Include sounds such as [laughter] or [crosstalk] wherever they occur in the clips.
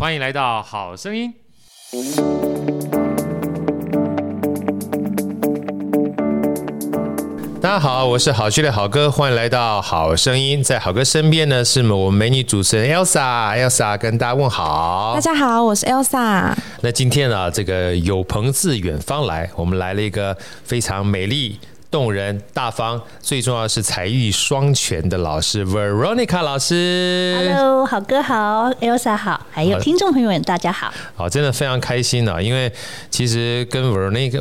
歡迎來到《好聲音》。大家好，我是好劇的好哥，歡迎來到《好聲音》。在好哥身邊呢，是我們美女主持人 ELSA，ELSA El 跟大家問好。大家好，我是 ELSA。那今天呢、啊，這個有朋自遠方來，我們來了一個非常美麗。動人、大方，最重要的是才藝雙全的老師 Veronica 老師。Hello，好哥好，Elsa 好，還有聽眾朋友們大家好。好，好，真的非常開心呢，啊，因為其實跟 Veronica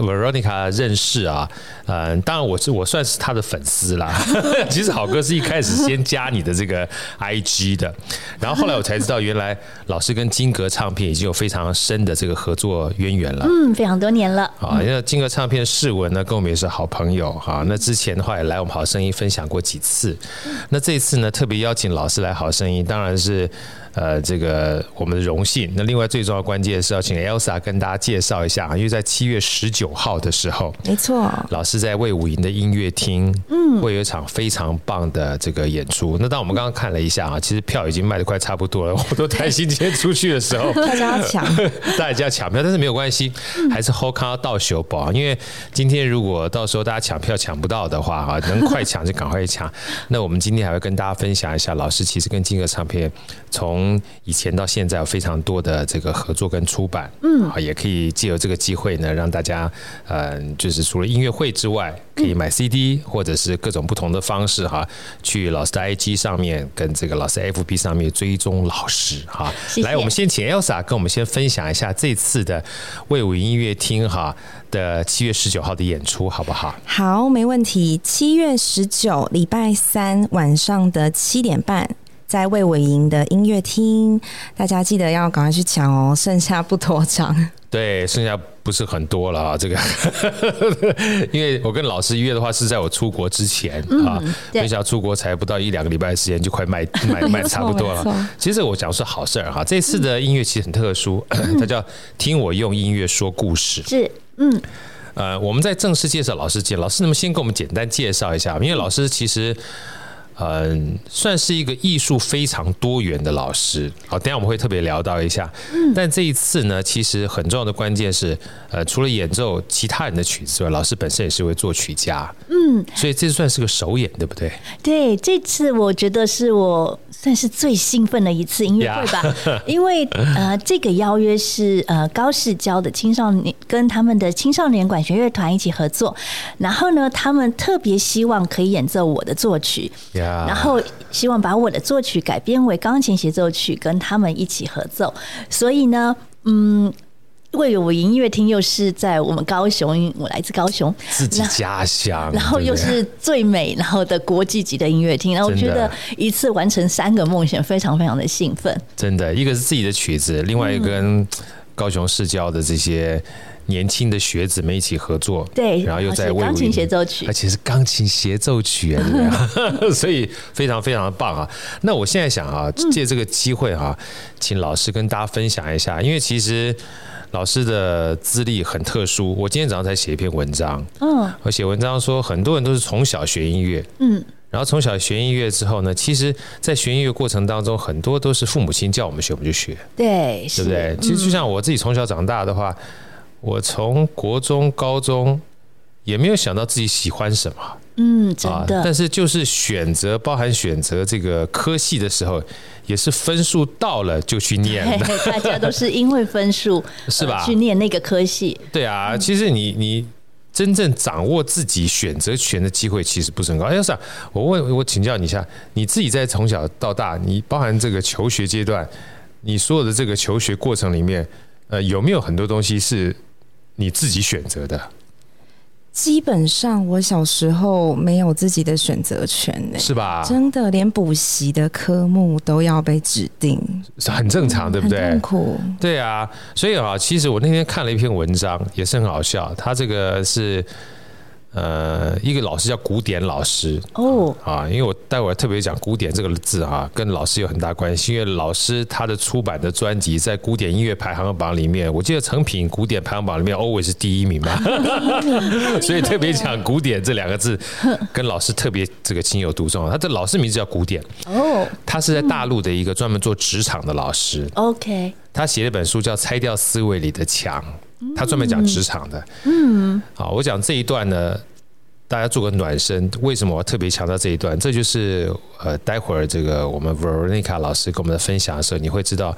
認識啊。嗯，當然我是我算是他的粉絲啦。 [laughs] 其實好哥是一開始先加你的這個 IG 的，然後後來我才知道，原來老師跟金格唱片已經有非常深的這個合作淵源了。嗯，非常多年了。嗯、啊，因為金格唱片世文呢跟我們也是好朋友，啊、那之前的話也來我們好聲音分享過幾次。那這次呢，特別邀請老師來好聲音，當然是。呃，這個我們的榮幸。那另外最重要關鍵的是要請 Elsa 跟大家介紹一下，因為在七月十九號的時候，沒錯，老師在衛武營的音樂廳，嗯，會有一場非常棒的這個演出。那當我們剛剛看了一下啊，其實票已經賣得快差不多了。我都擔心今天出去的時候， [laughs] 大家要搶， [laughs] 大家要搶票，但是沒有關係，嗯、還是好康逗相報。因為今天如果到時候大家搶票搶不到的話啊，能快搶就趕快搶。 [laughs] 那我們今天還會跟大家分享一下，老師其實跟金革唱片從以前到現在有非常多的這個合作跟出版，嗯，也可以借由這個機會呢，讓大家，嗯、呃，就是除了音樂會之外，可以買 CD、嗯、或者是各種不同的方式哈，去老師的 IG 上面跟這個老師 FB 上面追蹤老師哈。謝謝，來，我們先請 Elsa 跟我們先分享一下這次的衛武營音樂廳哈的七月十九號的演出好不好？好，沒問題。七月十九，禮拜三晚上的七點半。在衛武營的音樂廳，大家記得要趕快去搶哦，剩下不多張。對，剩下不是很多了啊，這個， [laughs] 因為我跟老師約的話是在我出國之前，嗯、啊，沒對想到出國才不到一兩個禮拜的時間就快賣賣賣的差不多了。錯其實我講是好事兒、啊、哈，嗯，這次的音樂其實很特殊，他、嗯、叫聽我用音樂說故事。是，嗯，呃，我們在正式介紹老師老師能，不能先給我們簡單介紹一下，因為老師其實。嗯、呃，算是一個藝術非常多元的老師。好，等一下我們會特別聊到一下。嗯，但這一次呢，其實很重要的關鍵是，呃，除了演奏其他人的曲子外，老師本身也是位作曲家。嗯，所以這算是個首演，對不對？對，這次我覺得是我。算是最興奮的一次音樂會 Yeah. 吧，因為呃，這個邀約是呃高市交的青少年跟他們的青少年管弦樂團一起合作，然後呢，他們特別希望可以演奏我的作曲，Yeah. 然後希望把我的作曲改編為鋼琴協奏曲跟他們一起合奏，所以呢，嗯。因為我音樂廳又是在我們高雄，我來自高雄，自己家鄉，然後又是最美，然後的國際級的音樂廳，的然後我覺得一次完成三個夢想，非常非常的興奮。真的，一個是自己的曲子，另外一個跟高雄市交的這些。嗯年輕的學子們一起合作，對，然後又在為鋼琴協奏曲，而且是鋼琴協奏曲、啊， [laughs] 所以非常非常棒啊！那我現在想啊，借這個機會啊，嗯、請老師跟大家分享一下，因為其實老師的資歷很特殊。我今天早上才寫一篇文章，嗯，我寫文章說，很多人都是從小學音樂，嗯，然後從小學音樂之後呢，其實，在學音樂過程當中，很多都是父母親叫我們學，我們就學，對，對不對？嗯、其實就像我自己從小長大的話。我從國中、高中也沒有想到自己喜歡什麼，嗯，真的、啊。但是就是選擇包含選擇這個科系的時候，也是分數到了就去唸的。大家都是因為分數 [laughs] 是吧、呃？去唸那個科系。對啊，嗯、其實你你真正掌握自己選擇權的機會其實不是很高。哎，算了、啊，我問，我請教你一下，你自己在從小到大，你包含這個求學階段，你所有的這個求學過程裡面，呃，有沒有很多東西是？你自己選擇的，基本上我小時候沒有自己的選擇權，欸，是吧？真的，連補習的科目都要被指定，是很正常，嗯，對不對？很痛苦，對啊。所以啊，其實我那天看了一篇文章，也是很好笑。他這個是。呃，一個老師叫古典老師哦，oh. 啊，因為我待會兒特別講“古典”這個字啊，跟老師有很大關係。因為老師他的出版的專輯在古典音樂排行榜裡面，我記得成品古典排行榜裡面 always 是第一名吧，哈哈哈哈。所以特別講“古典”這兩個字，跟老師特別這個情有獨鍾。他的老師名字叫古典哦，oh. 他是在大陸的一個專門做職場的老師。OK，他寫了本書叫《拆掉思維裡的牆》。他專門講職場的。嗯，嗯，好，我講這一段呢，大家做個暖身。為什麼我要特別強調這一段？這就是呃，待會兒這個我們 Veronica 老師跟我們的分享的時候，你會知道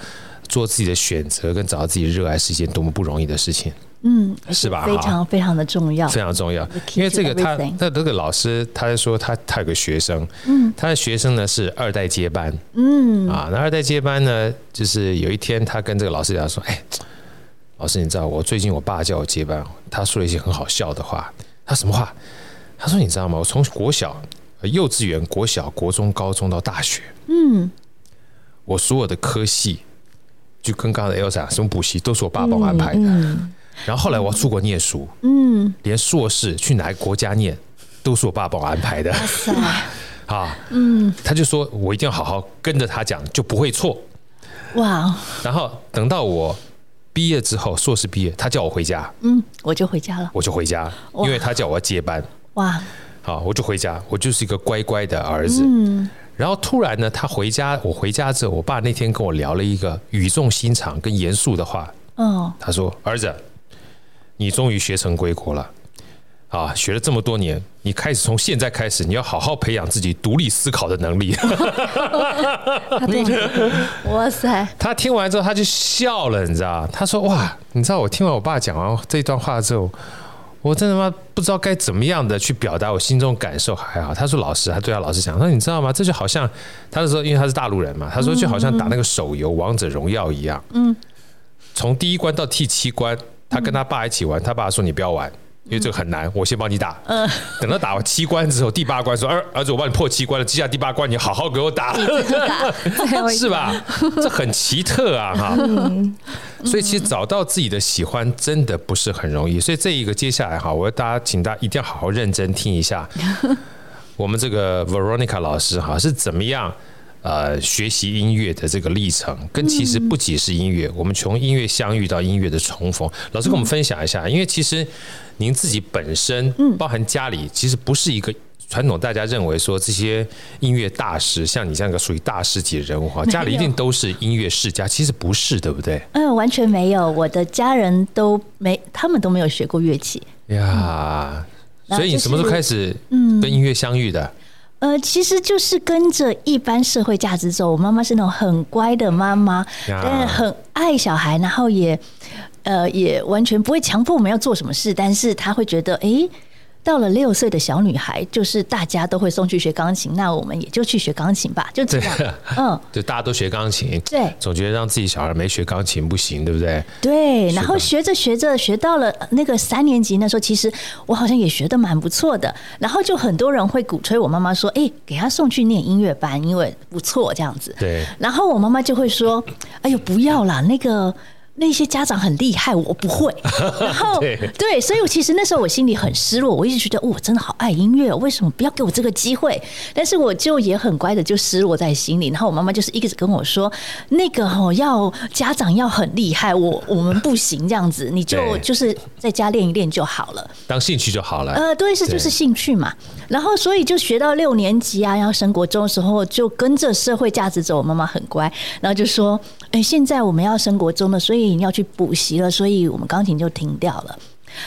做自己的選擇跟找到自己熱愛是一件多麼不容易的事情。嗯，是吧？非常非常的重要，非常重要。因為這個他他這個老師他在說他他有個學生，嗯，他的學生呢是二代接班，嗯，啊，那二代接班呢，就是有一天他跟這個老師講說，哎、欸。老師，你知道我最近我爸叫我接班，他說了一些很好笑的話。他什麼話？他說：“你知道嗎？我從國小、幼稚園、國小、國中、高中到大學，嗯，我所有的科系就跟剛才 Elsa 什麼補習都是我爸幫我安排的。然後後來我要出國念書，嗯，連碩士去哪個國家念都是我爸幫我安排的。哇啊，嗯，他就說我一定要好好跟着他講，就不會錯。哇！然後等到我。”畢業之後，碩士畢業，他叫我回家。嗯，我就回家了。我就回家，哇因為他叫我要接班。哇！好，我就回家，我就是一個乖乖的兒子。嗯。然後突然呢，他回家，我回家之後，我爸那天跟我聊了一個語重心長、跟嚴肅的話。嗯、哦。他說：“兒子，你終於學成歸國了。”啊，學了這麼多年，你開始從現在開始，你要好好培養自己獨立思考的能力。哈哈哈哈哈！我，哇塞！他聽完之後，他就笑了，你知道？他說：“哇，你知道我聽完我爸講完這段話之後，我真他媽不知道該怎麼樣的去表達我心中感受。”還好，他說：‘老師，他對他老師講：“他說，你知道嗎？這就好像他就說，因為他是大陸人嘛，他說就好像打那個手遊《王者榮耀》一樣，嗯，從第一關到第七關，他跟他爸一起玩，嗯、他爸說你不要玩。”因為這個很難，我先幫你打。嗯、呃，等到打完七關之後，第八關說：“兒兒子，我幫你破七關了，接下來第八關你好好給我打，打是吧？這很奇特啊，哈、嗯。嗯、所以其實找到自己的喜歡真的不是很容易。所以這一個接下來哈，我要大家請大家一定要好好認真聽一下，我們這個 Veronica 老師哈是怎麼樣。呃，學習音樂的這個歷程，跟其實不僅是音樂，嗯、我們從音樂相遇到音樂的重逢，老師跟我們分享一下。嗯、因為其實您自己本身，嗯、包含家裡其實不是一個傳統，大家認為說，這些音樂大師，像你這樣一個屬於大師級的人物，家裡一定都是音樂世家，有其實不是，對不對？嗯，完全沒有，我的家人都沒，他們都沒有學過樂器。嗯就是、呀，所以你什麼時候開始嗯跟音樂相遇的？嗯呃，其實就是跟着一般社會價值走。我媽媽是那種很乖的媽媽，Yeah. 但很愛小孩，然後也呃也完全不會強迫我們要做什麼事，但是她會覺得，誒、欸。到了六歲的小女孩，就是大家都會送去學鋼琴，那我們也就去學鋼琴吧，就這樣。對啊、嗯，就大家都學鋼琴，對，總覺得讓自己小孩沒學鋼琴不行，對不對？對。然後學着學着，學到了那個三年級那時候，其實我好像也學得蠻不錯的。然後就很多人會鼓吹我媽媽說：“哎、欸，給她送去念音樂班，因為不錯這樣子。”對。然後我媽媽就會說：“哎呦，不要啦，嗯、那個。”那些家長很厲害，我不會。然後 [laughs] 對,對，所以，我其實那時候我心裡很失落，我一直覺得，哦，我真的好愛音樂，為什麼不要給我這個機會？但是我就也很乖的，就失落在心裡。然後我媽媽就是一直跟我說，那個哦，要家長要很厲害，我我們不行這樣子，你就對就是在家練一練就好了，當興趣就好了。呃，對，是就是興趣嘛。然後，所以就學到六年級啊，然後升國中的時候，就跟着社會價值走。我媽媽很乖，然後就說：“哎，現在我們要升國中了，所以要去補習了，所以我們鋼琴就停掉了。”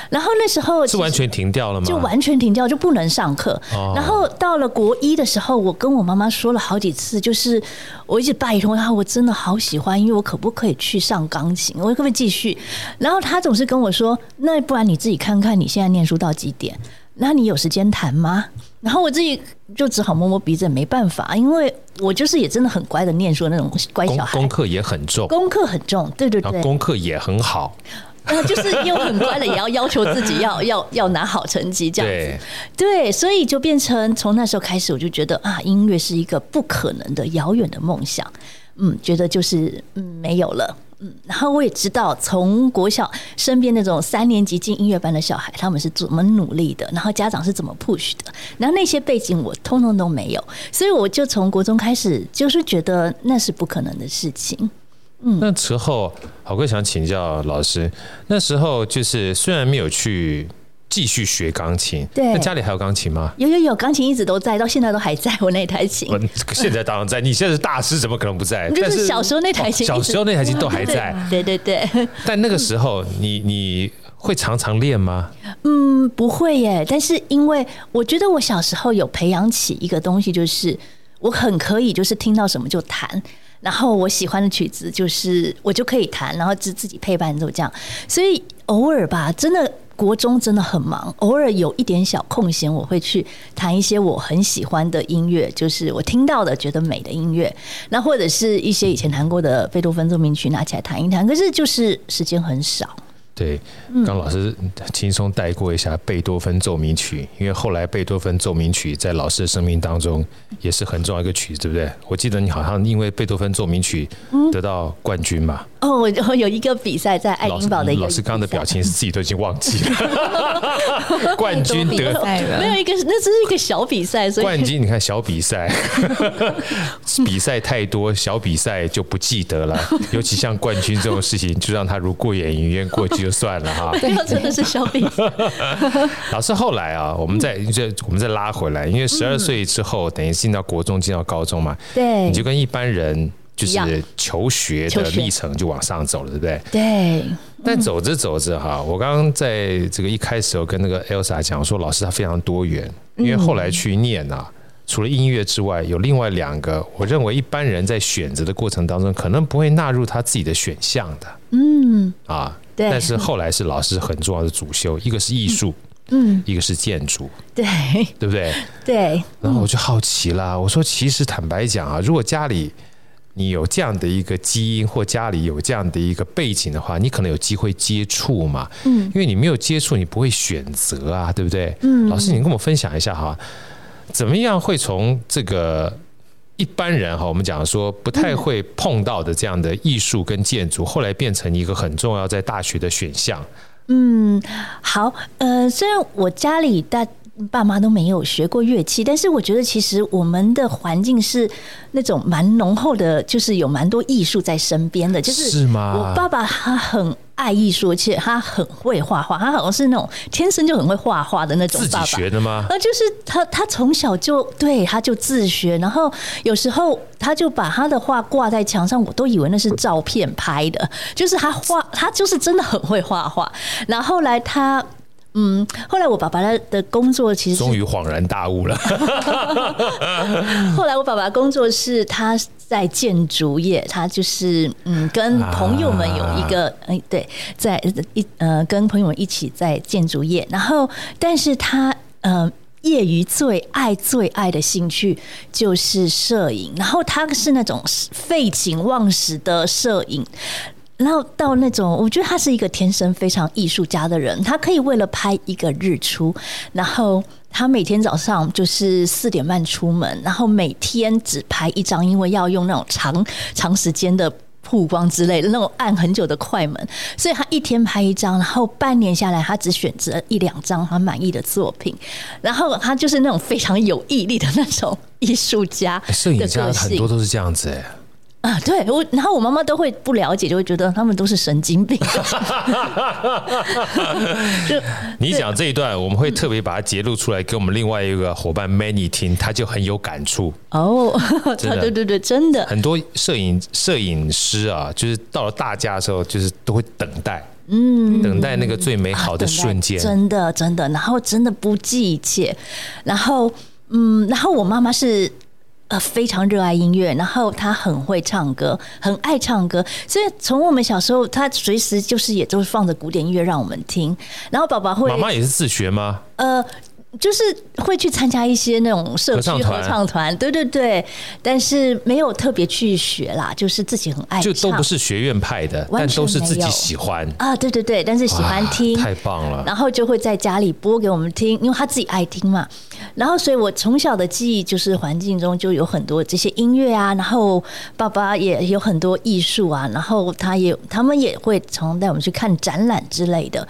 然後那時候是完全停掉了嗎？就完全停掉，就不能上課。哦、然後到了國一的時候，我跟我媽媽說了好幾次，就是我一直拜託她，我真的好喜歡，因為我可不可以去上鋼琴？我可不可以繼續？然後她總是跟我說：“那不然你自己看看，你現在念書到幾點？”那你有時間彈嗎？然後我自己就只好摸摸鼻子，沒辦法，因為我就是也真的很乖的，念書那種乖小孩功，功課也很重，功課很重，對對對，功課也很好，呃，就是又很乖的，也 [laughs] 要要求自己要要要拿好成績這樣子，對，對，所以就變成從那時候開始，我就覺得啊，音樂是一個不可能的遙遠的夢想，嗯，覺得就是嗯沒有了。嗯，然後我也知道，從國小身邊那種三年級進音樂班的小孩，他們是怎麼努力的，然後家長是怎麼 push 的，然後那些背景我通通都沒有，所以我就從國中開始，就是覺得那是不可能的事情。嗯，那時候好貴想請教老師，那時候就是雖然沒有去。繼續學鋼琴，對，那家裡還有鋼琴嗎？有有有，鋼琴一直都在，到現在都還在我那台琴。現在當然在， [laughs] 你現在是大師，怎麼可能不在？就是小時候那台琴、哦，小時候那台琴都還在。對對對。對對對，但那個時候，你你會常常練嗎？嗯，不會耶。但是因為我覺得我小時候有培養起一個東西，就是我很可以，就是聽到什麼就彈。然後我喜歡的曲子，就是我就可以彈，然後自自己配伴奏這樣。所以偶爾吧，真的。國中真的很忙，偶爾有一點小空閒，我會去彈一些我很喜歡的音樂，就是我聽到的覺得美的音樂。那或者是一些以前彈過的貝多芬奏鳴曲，拿起來彈一彈。可是就是時間很少。對，剛老師輕鬆帶過一下貝多芬奏鳴曲，嗯、因為後來貝多芬奏鳴曲在老師的生命當中也是很重要一個曲，對不對？我記得你好像因為貝多芬奏鳴曲得到冠軍嘛。嗯後我、哦、我有一個比賽在愛丁堡的一個比賽，老師剛剛的表情是自己都已經忘記了。 [laughs] 冠軍得賽沒有一個，那只是一個小比賽。所以冠軍，你看小比賽， [laughs] 比賽太多，小比賽就不記得了。 [laughs] 尤其像冠軍這種事情，就讓他如過眼雲煙過去就算了哈、啊。對， [laughs] 真的是小比賽。 [laughs] 老師後來啊，我們再再、嗯、我們再拉回來，因為十二歲之後，嗯、等於進到國中，進到高中嘛。對，你就跟一般人。就是求學的歷程就往上走了，對不對？對。但走着走着哈，我剛剛在這個一開始我跟那個 Elsa 講說，老師他非常多元，因為後來去念啊，除了音樂之外，有另外兩個，我認為一般人在選擇的過程當中，可能不會納入他自己的選項的。嗯。啊，對。但是後來是老師很重要的主修，一個是藝術，嗯，一個是建築，對，對不對？對。然後我就好奇啦，我說，其實坦白講啊，如果家裡你有這樣的一個基因，或家裡有這樣的一個背景的話，你可能有機會接觸嘛。嗯，因為你沒有接觸，你不會選擇啊，對不對？嗯，嗯，嗯，老師，你跟我分享一下哈，怎麼樣會從這個一般人哈，我們講說不太會碰到的這樣的藝術跟建築，嗯，後來變成一個很重要在大學的選項？嗯，好，呃，雖然我家裡大。爸媽都沒有學過樂器，但是我覺得其實我們的環境是那種蠻濃厚的，就是有蠻多藝術在身邊的。就是我爸爸他很愛藝術，而且他很會畫畫，他好像是那種天生就很會畫畫的那種爸爸。自己學的嗎？那就是他，他從小就，對，他就自學，然後有時候他就把他的畫掛在牆上，我都以為那是照片拍的，就是他畫，他就是真的很會畫畫。然後後來他。嗯，後來我爸爸他的工作其實終於恍然大悟了。 [laughs] 後來我爸爸的工作是他在建築業，他就是嗯跟朋友們有一個哎、啊、對，在一呃跟朋友們一起在建築業，然後但是他呃業餘最愛最愛的興趣就是攝影，然後他是那種廢寢忘食的攝影。然後到那種，我覺得他是一個天生非常藝術家的人。他可以為了拍一個日出，然後他每天早上就是四點半出門，然後每天只拍一張，因為要用那種長長時間的曝光之類的，那種按很久的快門，所以他一天拍一張，然後半年下來他只選擇一兩張他滿意的作品。然後他就是那種非常有毅力的那種藝術家，欸、攝影家很多都是這樣子哎、欸。啊，對我，然後我媽媽都會不了解，就會覺得他們都是神經病。就你講這一段，我們會特別把它節錄出來給我們另外一個伙伴 Many 聽，他就很有感觸。哦，的對對對，真的。很多攝影攝影師啊，就是到了大家的時候，就是都會等待，嗯，等待那個最美好的瞬間、啊。真的，真的，然後真的不計一切，然後嗯，然後我媽媽是。非常熱愛音樂，然後他很會唱歌，很愛唱歌，所以從我們小時候，他隨時就是也都是放着古典音樂讓我們聽。然後爸爸會，媽媽也是自學嗎？呃。就是會去參加一些那種社區合唱團，對對對，但是沒有特別去學啦，就是自己很愛唱，就都不是學院派的，但都是自己喜歡啊，對對對，但是喜歡聽，太棒了。然後就會在家裡播給我們聽，因為他自己愛聽嘛。然後，所以我從小的記憶就是環境中就有很多這些音樂啊。然後爸爸也有很多藝術啊。然後他也他們也會常常帶我們去看展覽之類的。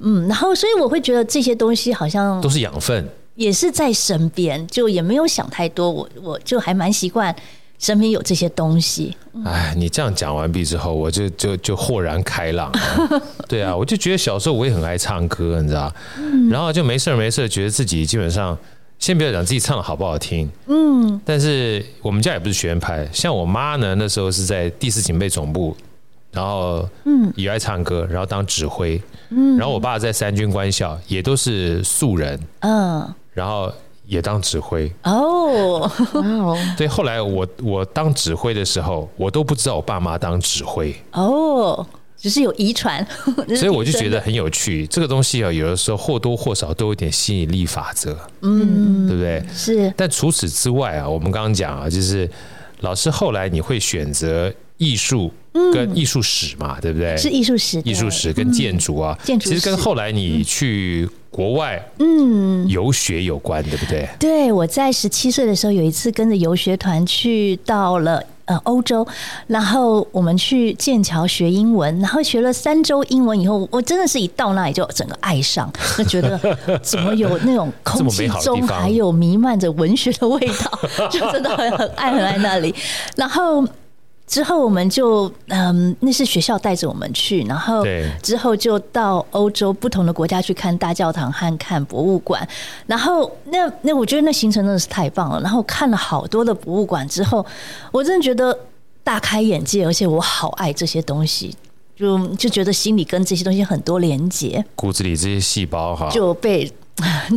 嗯，然後所以我會覺得這些東西好像都是養分，也是在身邊，就也沒有想太多，我我就還蠻習慣身邊有這些東西。哎、嗯，你這樣講完畢之後，我就就就豁然開朗，啊。 [laughs] 對啊，我就覺得小時候我也很愛唱歌，你知道、嗯、然後就沒事沒事覺得自己基本上先不要講自己唱的好不好聽，嗯。但是我們家也不是學院派，像我媽呢，那時候是在第四警備總部。然後，嗯，也愛唱歌，嗯、然後當指揮，嗯，然後我爸在三軍官校也都是素人，嗯，哦、然後也當指揮，哦，對哦，後來我我當指揮的時候，我都不知道我爸媽當指揮，哦，只、就是有遺傳，所以我就覺得很有趣。這個東西啊，有的時候或多或少都有點吸引力法則，嗯，對不對？是。但除此之外啊，我們剛剛講啊，就是老師後來你會選擇藝術。跟藝術史嘛，嗯、對不對？是藝術史的，藝術史跟建築啊，嗯、建築其實跟後來你去國外嗯遊學有關，嗯、對不對？對，我在十七歲的時候有一次跟着遊學團去到了呃歐洲，然後我們去劍橋學英文，然後學了三周英文以後，我真的是一到那裡就整個愛上，嗯、就覺得怎麼有那種空氣中還有瀰漫着文學的味道，就真的很很愛很愛那裡，然後。之後我們就嗯，那是學校帶着我們去，然後對，之後就到歐洲不同的國家去看大教堂和看博物館，然後那那我覺得那行程真的是太棒了，然後看了好多的博物館之後，我真的覺得大開眼界，而且我好愛這些東西，就就覺得心裡跟這些東西很多連接，骨子裡這些細胞哈就被。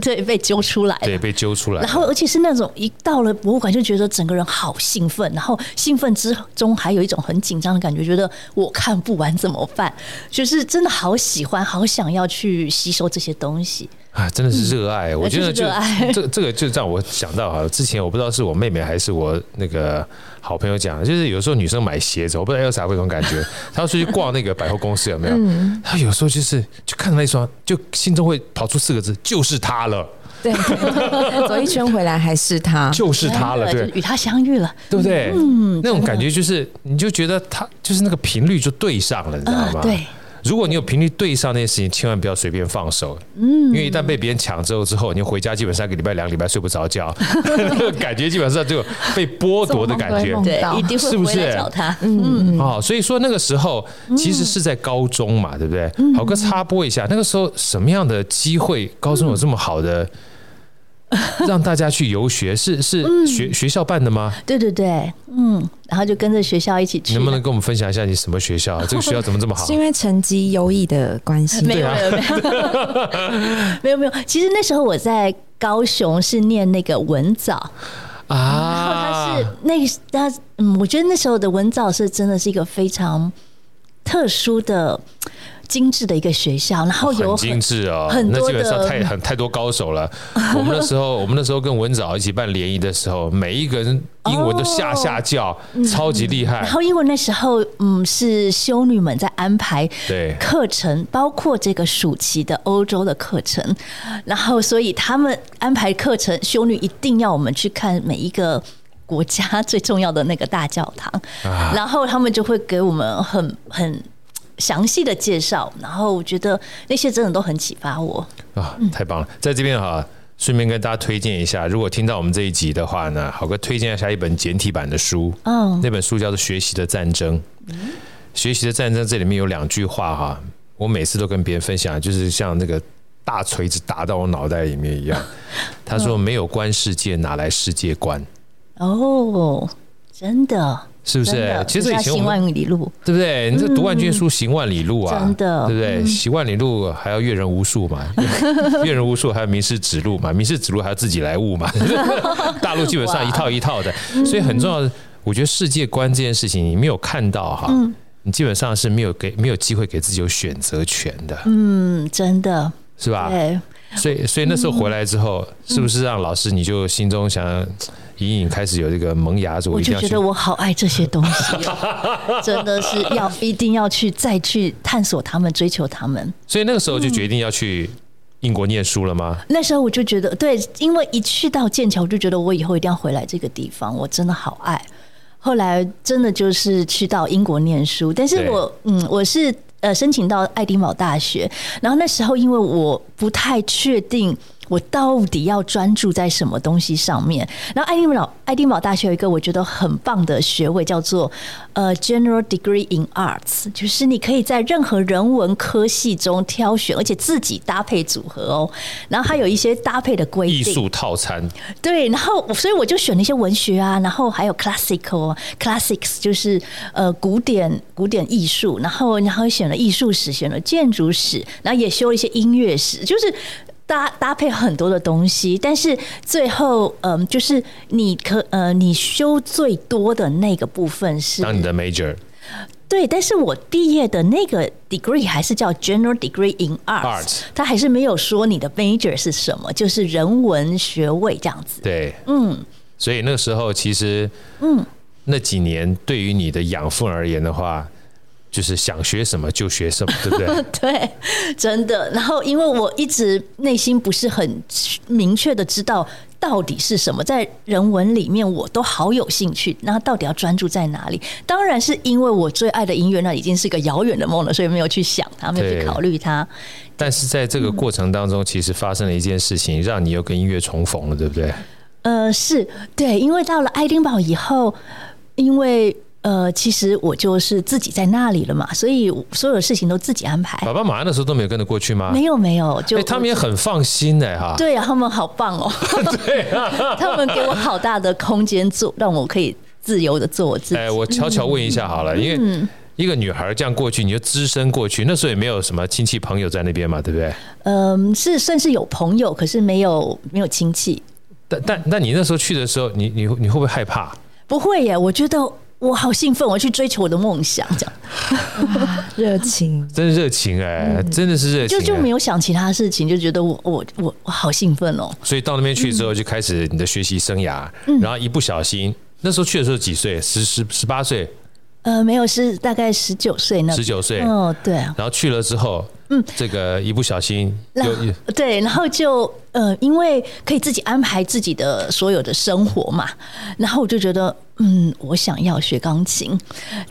對，被揪出來。對，被揪出來。然後，而且是那種一到了博物館，就覺得整個人好興奮，然後興奮之中還有一種很緊張的感覺，覺得我看不完怎麼辦？就是真的好喜歡，好想要去吸收這些東西啊！真的是熱愛，嗯，我覺得就就熱愛。這這個就讓我想到哈，之前我不知道是我妹妹還是我那個。好朋友講，就是有時候女生買鞋子，我不知道有啥會這種感覺。她要出去逛那個百貨公司，有沒有？嗯、她有時候就是就看到一雙，就心中會跑出四個字：就是它了對。對，走一圈回來還是它，就是它了，對，與它、就是、相遇了，對不對？嗯，那種感覺就是，你就覺得它就是那個頻率就對上了，你知道嗎？呃、對。如果你有頻率對上那些事情，千萬不要隨便放手。嗯，因為一旦被別人搶之後，之後你回家基本上一個禮拜、兩個禮拜睡不着覺， [laughs] 感覺基本上就被剝奪的感覺。對，一定會回來找他。是是嗯，啊、嗯哦，所以說那個時候其實是在高中嘛，嗯、對不對？好，哥插播一下，那個時候什麼樣的機會？高中有這麼好的、嗯？嗯 [laughs] 讓大家去遊學，是是學、嗯、學校辦的嗎？對對對，嗯，然後就跟着學校一起去。能不能跟我們分享一下你什麼學校、啊？這個學校怎麼這麼好？ [laughs] 是因為成績優異的關係 [laughs] 嗎？沒有沒有沒有沒有。其實那時候我在高雄是念那個文藻啊，然後他是那個它嗯，我覺得那時候的文藻是真的是一個非常特殊的。精緻的一個學校，然後有很，很精緻、哦、很那基本上太很太多高手了。我們那時候， [laughs] 我們那時候跟文藻一起辦聯誼的時候，每一個人英文都嚇嚇叫，哦、超級厲害、嗯。然後因為那時候，嗯，是修女們在安排對課程，對包括這個暑期的歐洲的課程。然後，所以他們安排課程，修女一定要我們去看每一個國家最重要的那個大教堂。啊、然後他們就會給我們很很詳細的介紹，然後我覺得那些真的都很啟發我啊，太棒了！在這邊哈、啊，順便跟大家推薦一下，如果聽到我們這一集的話呢，好哥推薦一下一本簡體版的書，嗯，那本書叫做《學習的戰爭》。嗯、學習的戰爭這裡面有兩句話哈、啊，我每次都跟別人分享，就是像那個大錘子打到我腦袋裡面一樣。嗯、他說：“沒有觀世界，哪來世界觀？”哦，真的。是不是？其實以前行萬里路，對不對？你這讀萬卷書，行萬里路啊，真的，對不對？行萬里路還要閱人無數嘛，閱人無數還要名師指路嘛，名師指路還要自己來悟嘛。大陸基本上一套一套的，所以很重要。我覺得世界觀這件事情你沒有看到哈，你基本上是沒有給沒有機會給自己有選擇權的。嗯，真的是吧？對，所以所以那時候回來之後，是不是讓老師你就心中想？隱隱開始有這個萌芽，我就覺得我好愛這些東西， [laughs] 真的是要一定要去再去探索他們，追求他們。所以那個時候就決定要去英國念書了嗎？嗯，那時候我就覺得，對，因為一去到劍橋，我就覺得我以後一定要回來這個地方，我真的好愛。後來真的就是去到英國念書，但是我對嗯，我是呃申請到愛丁堡大學，然後那時候因為我不太確定。我到底要專注在什麼東西上面？然後愛丁堡，愛丁堡大學有一個我覺得很棒的學位，叫做呃 General Degree in Arts，就是你可以在任何人文科系中挑選，而且自己搭配組合哦。然後還有一些搭配的規定，藝術套餐。對，然後所以我就選了一些文學啊，然後還有 Classical Classics，就是呃古典古典藝術。然後然後選了藝術史，選了建築史，然後也修了一些音樂史，就是。搭搭配很多的東西，但是最後，嗯，就是你可呃，你修最多的那個部分是。當你的 major？對，但是我畢業的那個 degree 還是叫 general degree in arts，它 Art. 還是沒有說你的 major 是什麼，就是人文學位這樣子。對，嗯，所以那時候其實，嗯，那幾年對於你的養父而言的話。就是想學什麼就學什麼，對不對？ [laughs] 對，真的。然後因為我一直內心不是很明確的知道到底是什麼，在人文裡面我都好有興趣，那到底要專注在哪裡？當然是因為我最愛的音樂，那已經是個遙遠的夢了，所以沒有去想它，沒有去考慮它。但是在這個過程當中，其實發生了一件事情，嗯，讓你又跟音樂重逢了，對不對？呃，是，對，因為到了愛丁堡以後，因為。呃，其實我就是自己在那裡了嘛，所以所有事情都自己安排。爸爸媽媽那時候都沒有跟着過去嗎？沒有，沒有。就、欸、他們也很放心的哈、啊。對啊，他們好棒哦。 [laughs] 對啊， [laughs] 他們給我好大的空間做，讓我可以自由的做我自己。哎、欸，我悄悄問一下好了，嗯、因為一個女孩這樣過去，你就只身過去，嗯、那時候也沒有什麼親戚朋友在那邊嘛，對不對？嗯，是算是有朋友，可是沒有沒有親戚。但但那你那時候去的時候，你你你會不會害怕？不會耶，我覺得。我好興奮，我要去追求我的夢想，這樣熱情，真熱情哎、欸，嗯、真的是熱情、欸，就就沒有想其他事情，就覺得我我我我好興奮哦、喔。所以到那邊去之後，就開始你的學習生涯，嗯、然後一不小心，那時候去的時候幾歲？十十十八歲。呃，沒有，是大概十九歲那個，十九歲，哦，對啊，然後去了之後，嗯，這個一不小心就，對，然後就呃，因為可以自己安排自己的所有的生活嘛，嗯，然後我就覺得，嗯，我想要學鋼琴，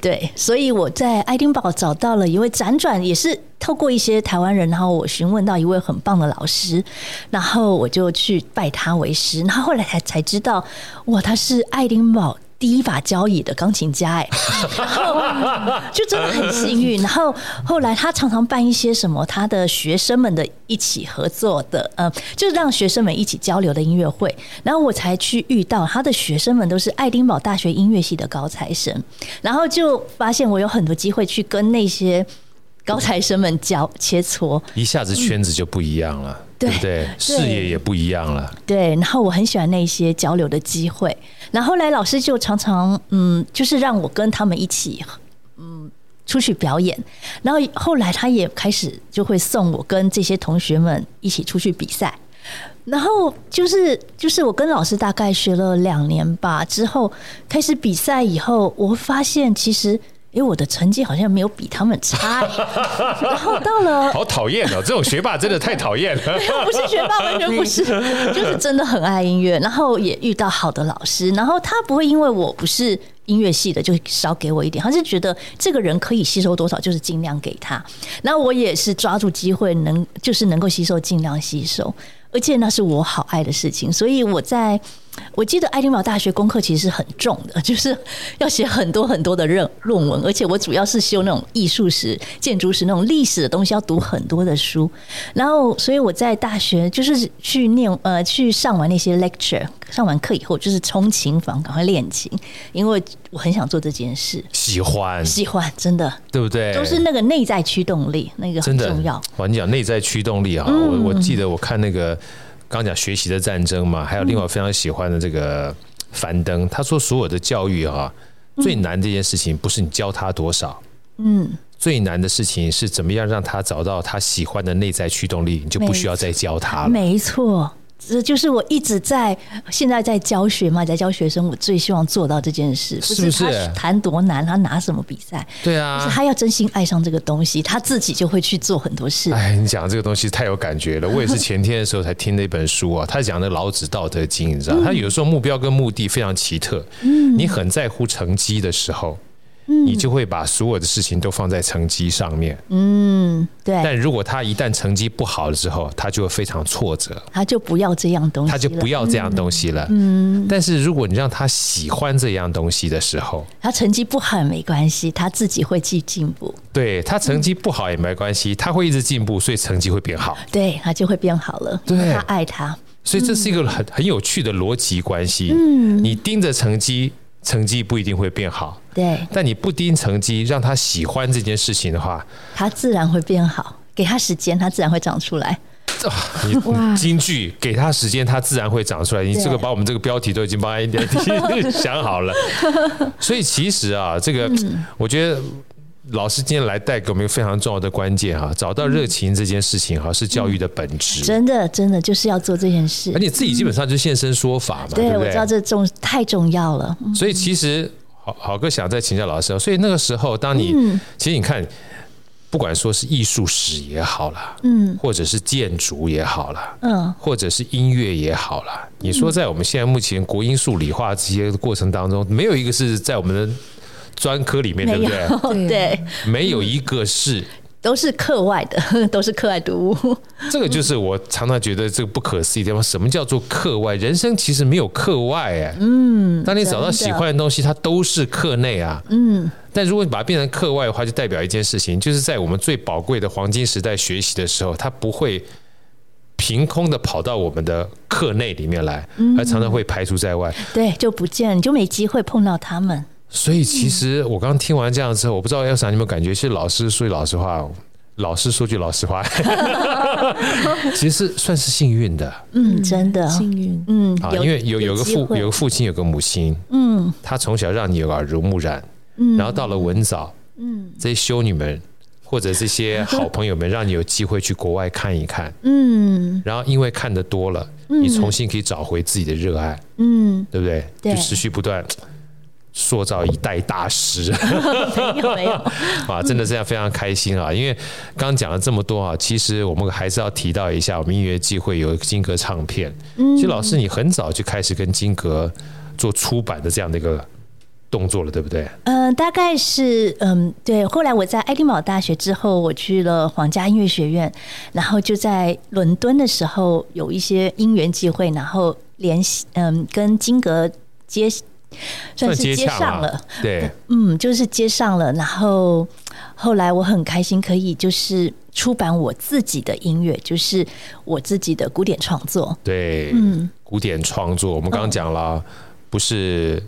對，所以我在愛丁堡找到了一位，輾轉也是透過一些台灣人，然後我詢問到一位很棒的老師，然後我就去拜他為師，然後後來才才知道，哇，他是愛丁堡。第一把交椅的鋼琴家，哎，就真的很幸運。然後後來他常常辦一些什麼，他的學生們的一起合作的，呃，就讓學生們一起交流的音樂會。然後我才去遇到他的學生們都是愛丁堡大學音樂系的高材生，然後就發現我有很多機會去跟那些，高材生們交切磋，一下子圈子就不一樣了，嗯、對,對不對？視野對也不一樣了。對，然後我很喜歡那些交流的機會。然後,後來老師就常常嗯，就是讓我跟他們一起嗯出去表演。然後後來他也開始就會送我跟這些同學們一起出去比賽。然後就是就是我跟老師大概學了兩年吧，之後開始比賽以後，我發現其實。因為我的成績好像沒有比他們差。 [laughs] 然後到了好討厭哦，這種學霸真的太討厭了。 [laughs] 不是學霸，完全不是， [laughs] 就是真的很愛音樂，然後也遇到好的老師，然後他不會因為我不是音樂系的就少給我一點，他是覺得這個人可以吸收多少就是盡量給他。那我也是抓住機會能，能就是能夠吸收盡量吸收，而且那是我好愛的事情，所以我在我記得愛丁堡大學功課其實是很重的，就是要寫很多很多的論論文，而且我主要是修那種藝術史、建築史那種歷史的東西，要讀很多的書。然後，所以我在大學就是去念呃，去上完那些 lecture，上完課以後就是衝琴房，趕快練琴，因為我很想做這件事，喜歡，喜歡，真的，對不對？都是那個內在驅動力，那個很重要。我跟你講，內在驅動力啊，我我記得我看那個。嗯剛講學習的戰爭嘛，還有另外非常喜歡的這個樊登，嗯、他說所有的教育啊，最難的一件事情，不是你教他多少，嗯，最難的事情是怎麼樣讓他找到他喜歡的內在驅動力，你就不需要再教他了，沒錯。這就是我一直在現在在教學嘛，在教學生。我最希望做到這件事，是不是？談多難，他拿什麼比賽？對啊，是他要真心愛上這個東西，他自己就會去做很多事。哎，你講這個東西太有感覺了。我也是前天的時候才聽了一本書啊，他講 [laughs] 的老子《道德經》，你知道，他、嗯、有的時候目標跟目的非常奇特。嗯，你很在乎成績的時候。你就會把所有的事情都放在成績上面。嗯，對。但如果他一旦成績不好了之後，他就會非常挫折，他就不要這樣東西，他就不要這樣東西了。西了嗯。嗯，但是如果你讓他喜歡這樣東西的時候，他成績不好也沒關係，他自己會去進步。對，他成績不好也沒關係，他會一直進步，所以成績會變好。對，他就會變好了。對，他愛他，所以這是一個很、嗯、很有趣的邏輯關係。嗯，你盯着成績，成績不一定會變好。對，但你不盯成績，讓他喜歡這件事情的話，他自然會變好。給他時間，他自然會長出來。哇，金句，給他時間，他自然會長出來。對你這個把我們這個標題都已經幫他想好了。所以其實啊，這個我覺得老師今天來帶給我們一個非常重要的關鍵哈、啊，找到熱情這件事情哈、啊，是教育的本質。真的，真的就是要做這件事。而你自己基本上就現身說法嘛。對，對對，我知道這重太重要了。所以其實。好好哥想再請教老師、哦，所以那個時候，當你、嗯、其實你看，不管說是藝術史也好了，嗯，或者是建築也好了，嗯，或者是音樂也好了，你說在我們現在目前國英數理化這些過程當中，嗯、沒有一個是在我們的專科裡面，對不對？對，沒有一個是。都是課外的，都是課外讀物。這個就是我常常覺得這個不可思議的地方。嗯、什麼叫做課外？人生其實沒有課外哎。嗯，當你找到喜歡的東西，真的。它都是課內啊。嗯，但如果你把它變成課外的話，就代表一件事情，就是在我們最寶貴的黃金時代學習的時候，它不會憑空的跑到我們的課內裡面來，而常常會排除在外，嗯。對，就不見，你就沒機會碰到他們。所以其實我剛聽完這樣之後我不知道要想你們有感覺。其實老師說句老實話，老師說句老實話，其實算是幸運的。嗯，真的幸運。嗯，啊，因為有有個父有個父親，有個母親，嗯，他從小讓你耳濡目染，嗯，然後到了文藻，嗯，這些修女們或者這些好朋友們，讓你有機會去國外看一看，嗯，然後因為看得多了，你重新可以找回自己的熱愛，嗯，對不對？對，就持續不斷。塑造一代大師、哦， [laughs] 沒有沒有，哇、 [laughs] 啊，真的是非常開心啊！嗯、因為剛講了這麼多啊，其實我們還是要提到一下，我們音樂機會有金格唱片。嗯，其實老師你很早就開始跟金格做出版的這樣的一個動作了，對不對？嗯，大概是嗯對。後來我在愛丁堡大學之後，我去了皇家音樂學院，然後就在倫敦的時候有一些因緣際會，然後聯繫嗯跟金格接。算是接上了，啊、對，嗯，就是接上了。然後後來我很開心，可以就是出版我自己的音樂，就是我自己的古典創作。對，嗯，古典創作，我們剛剛講了，嗯、不是。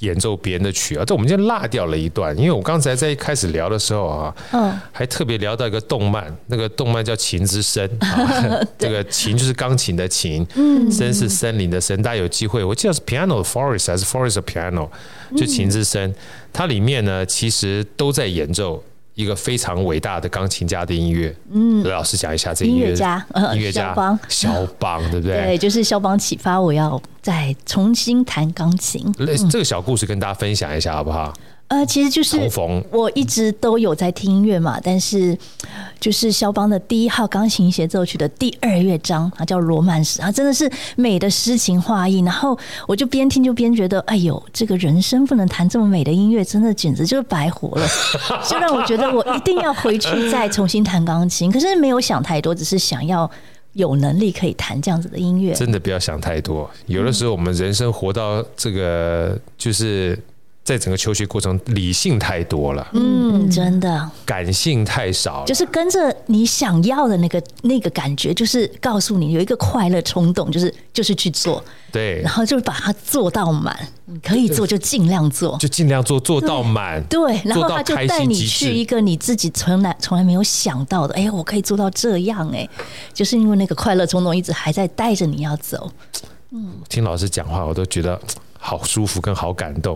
演奏別人的曲啊，這我們就落掉了一段，因為我剛才在一開始聊的時候啊，嗯、還特別聊到一個動漫，那個動漫叫《琴之聲 [laughs] 對、啊》這個琴琴琴“琴”就是鋼琴的“琴”，“森”是森林的“森、嗯”。大家有機會，我記得是《Piano Forest、啊》還是《Forest of Piano》，就《琴之聲》嗯，它裡面呢，其實都在演奏。一個非常偉大的鋼琴家的音樂，嗯，劉老師講一下這音樂家，音樂家肖邦肖邦幫棒對不對？對，就是肖邦啟發我要再重新彈鋼琴。那這個小故事跟大家分享一下好不好？嗯呃，其實就是我一直都有在聽音樂嘛，風但是就是肖邦的第一號鋼琴協奏曲的第二樂章，它叫羅曼史，啊，它真的是美的詩情畫意。然後我就邊聽就邊覺得，哎呦，這個人生不能彈這麼美的音樂，真的簡直就是白活了， [laughs] 就讓我覺得我一定要回去再重新彈鋼琴。可是沒有想太多，只是想要有能力可以彈這樣子的音樂。真的不要想太多，有的時候我們人生活到這個就是。在整個求學過程，理性太多了，嗯，真的，感性太少，就是跟着你想要的那個那個感覺，就是告訴你有一個快樂衝動，就是就是去做，對，然後就把它做到滿，可以做就盡量做，就盡量做做到滿，對，然後他就帶你去一個你自己從來從來沒有想到的，哎、欸，我可以做到這樣、欸，哎，就是因為那個快樂衝動一直還在帶着你要走，嗯，聽老師講話，我都覺得。好舒服，跟好感動，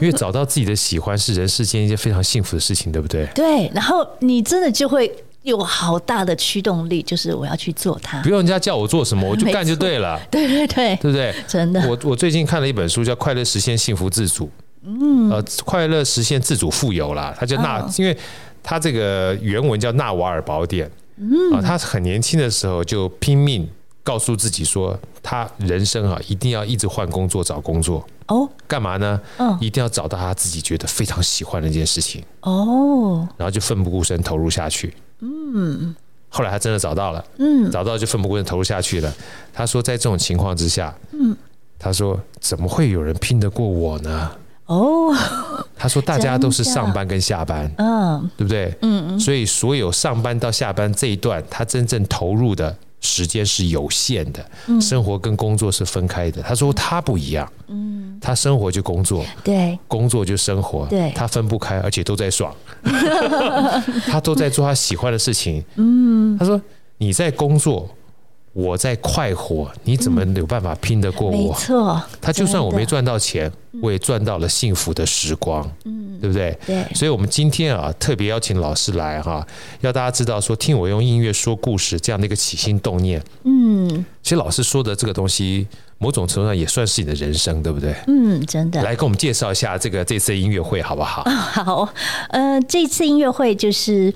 因為找到自己的喜歡是人世間一件非常幸福的事情，對不對？對，然後你真的就會有好大的驅動力，就是我要去做它。不用人家叫我做什麼，我就幹就對了。對對對，對不對？真的。我我最近看了一本書，叫《快樂實現幸福自主》。嗯。呃，快樂實現自主富有啦，它叫那，哦，因為它這個原文叫《納瓦爾寶典》呃。嗯。啊，他很年輕的時候就拼命。告訴自己說，他人生啊，一定要一直換工作、找工作哦。Oh? 幹嘛呢？Uh. 一定要找到他自己覺得非常喜歡的一件事情哦。Oh. 然後就奮不顧身投入下去。嗯。Mm. 後來他真的找到了。嗯。Mm. 找到就奮不顧身投入下去了。他說，在這種情況之下，嗯，mm. 他說怎麼會有人拼得過我呢？哦。Oh. [laughs] 他說，大家都是上班跟下班，嗯， [laughs] uh. 對不對？嗯嗯、mm。Hmm. 所以，所有上班到下班這一段，他真正投入的。時間是有限的，生活跟工作是分開的。嗯，他說他不一樣，嗯，他生活就工作，對，工作就生活，對，他分不開，而且都在爽， [laughs] [laughs] [laughs] 他都在做他喜歡的事情，嗯，他說你在工作。我在快活，你怎麼有辦法拼得過我？嗯、沒錯，他就算我沒賺到錢，的我也賺到了幸福的時光，嗯，對不對？對。所以，我們今天啊，特別邀請老師來哈、啊，要大家知道說，聽我用音樂說故事這樣的一個起心動念，嗯。其實老師說的這個東西，某種程度上也算是你的人生，對不對？嗯，真的。來跟我們介紹一下這個這次音樂會好不好、嗯？好，呃，這次音樂會就是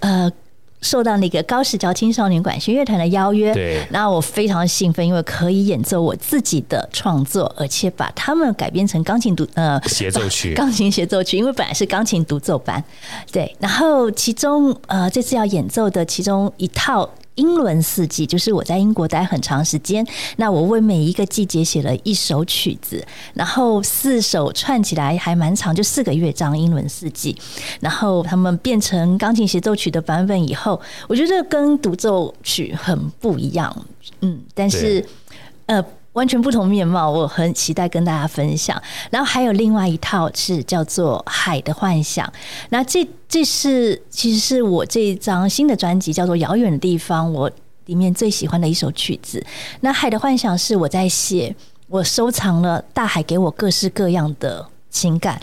呃。受到那個高市交青少年管弦樂團的邀約，對，那我非常興奮，因為可以演奏我自己的創作，而且把他們改編成鋼琴獨呃協奏曲，鋼琴協奏曲，因為本來是鋼琴獨奏版，對。然後其中呃，這次要演奏的其中一套。英倫四季就是我在英國待很長時間，那我為每一個季節寫了一首曲子，然後四首串起來還蠻長，就四個樂章《英倫四季》，然後他們變成鋼琴協奏曲的版本以後，我覺得跟獨奏曲很不一樣，嗯，但是，對呃。完全不同面貌，我很期待跟大家分享。然後還有另外一套是叫做《海的幻想》，那這這是其實是我這一張新的專輯叫做《遙遠的地方》，我裡面最喜歡的一首曲子。那《海的幻想》是我在寫，我收藏了大海給我各式各樣的。情感，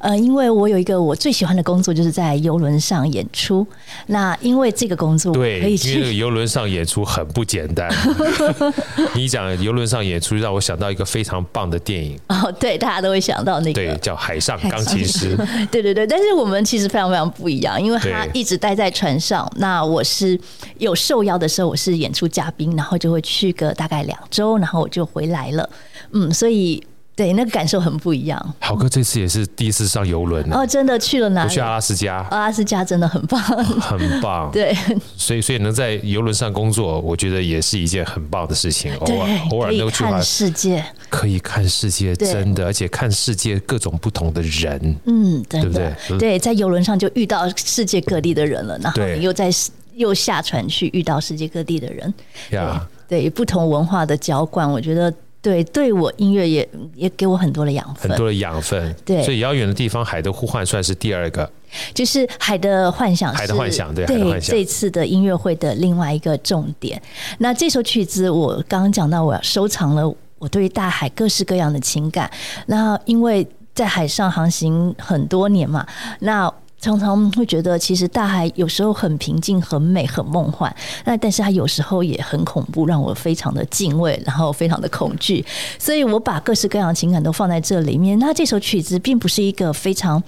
呃，因為我有一個我最喜歡的工作，就是在遊輪上演出。那因為這個工作我可以去，對，因為那個遊輪上演出很不簡單。 [laughs] [laughs] 你講遊輪上演出，讓我想到一個非常棒的電影哦，對，大家都會想到那個，對，叫《海上鋼琴師》琴。 [laughs] 對對對，但是我們其實非常非常不一樣，因為他一直待在船上。對那我是有受邀的時候，我是演出嘉賓，然後就會去個大概兩週，然後我就回來了。嗯，所以。對，那個感受很不一樣。豪哥這次也是第一次上遊輪哦，真的去了哪裡？去阿拉斯加。阿拉斯加真的很棒，很棒。對，所以所以能在遊輪上工作，我覺得也是一件很棒的事情。偶爾偶爾都去看世界，可以看世界，真的，而且看世界各種不同的人。嗯，對不對？對，在遊輪上就遇到世界各地的人了，然後你又在又下船去遇到世界各地的人。對，對，不同文化的澆灌，我覺得。對，對我音樂也也給我很多的養分，很多的養分。對，所以遙遠的地方，海的呼喚算是第二個，就是海的幻想，海的幻想，對，對，海的幻想，這一次的音樂會的另外一個重點。那這首曲子，我剛剛講到，我收藏了我對於大海各式各樣的情感。那因為在海上航行很多年嘛，那。常常會覺得，其實大海有時候很平靜、很美、很夢幻。那但是它有時候也很恐怖，讓我非常的敬畏，然後非常的恐懼。所以我把各式各樣的情感都放在這裡面。那這首曲子並不是一個非常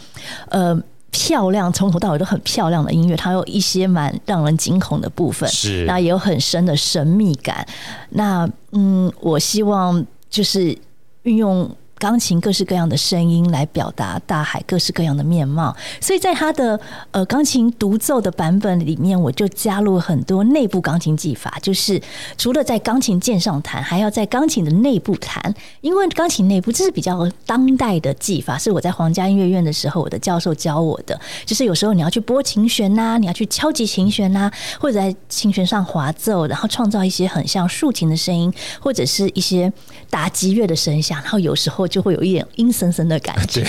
呃漂亮，從頭到尾都很漂亮的音樂，它有一些蠻讓人驚恐的部分，是那也有很深的神秘感。那嗯，我希望就是運用。鋼琴各式各樣的聲音來表達大海各式各樣的面貌，所以在他的呃鋼琴獨奏的版本裡面，我就加入了很多內部鋼琴技法，就是除了在鋼琴鍵上彈，還要在鋼琴的內部彈。因為鋼琴內部這是比較當代的技法，是我在皇家音樂院的時候，我的教授教我的。就是有時候你要去撥琴弦吶、啊，你要去敲擊琴弦吶、啊，或者在琴弦上滑奏，然後創造一些很像豎琴的聲音，或者是一些打擊樂的聲響。然後有時候就會有一點陰森森的感覺，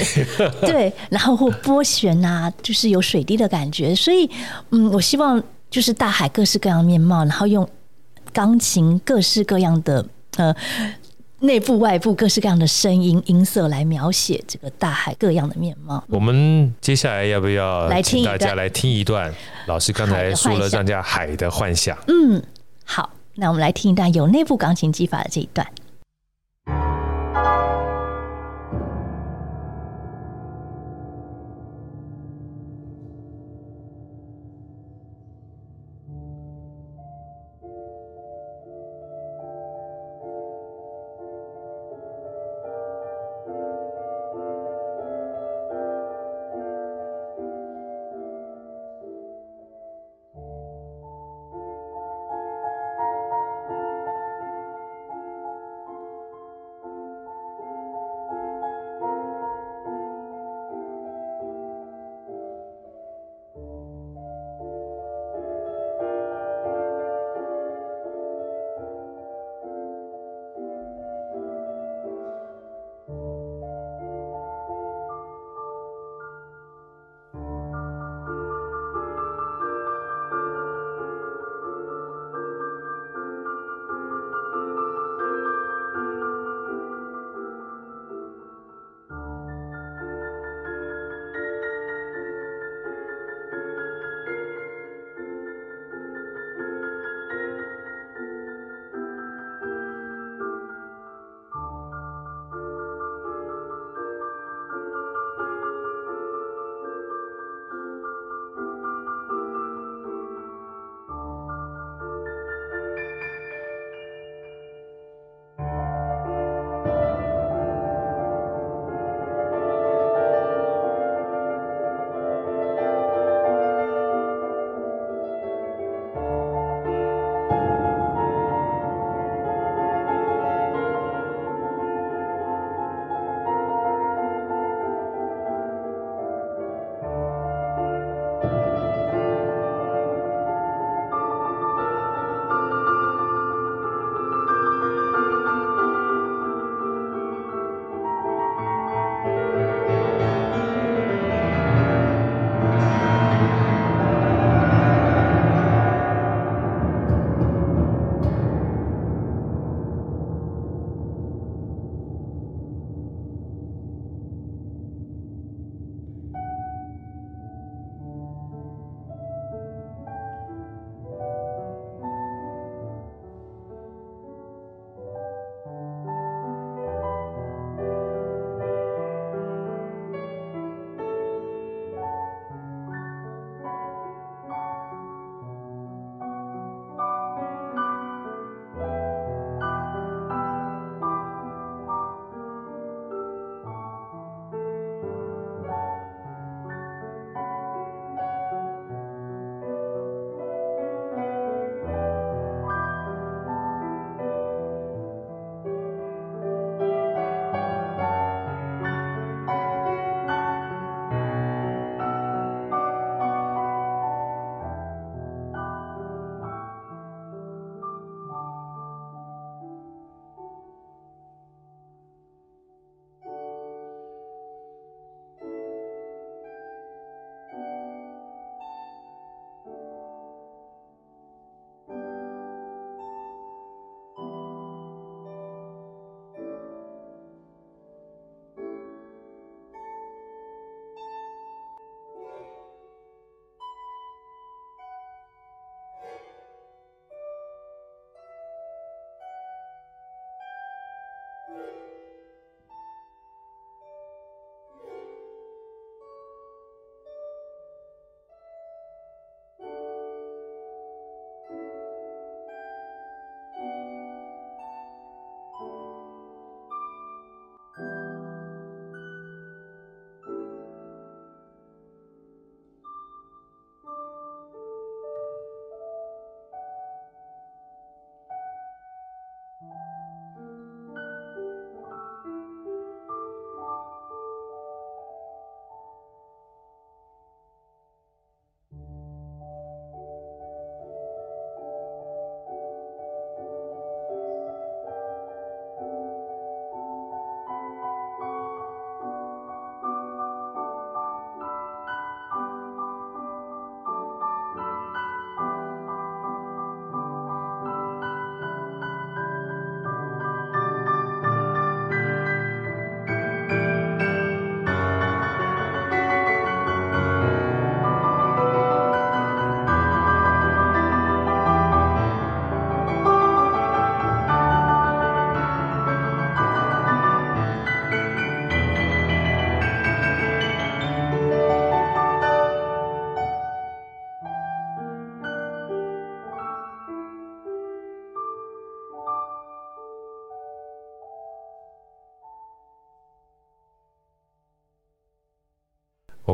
對， [laughs] 對，然後或波旋啊，就是有水滴的感覺。所以，嗯，我希望就是大海各式各樣的面貌，然後用鋼琴各式各樣的呃內部、外部各式各樣的聲音音色來描寫這個大海各樣的面貌。我們接下來要不要來聽，大家來聽一段？一段老師剛才說了，讓大家海的幻想。的幻想。嗯，好，那我們來聽一段有內部鋼琴技法的這一段。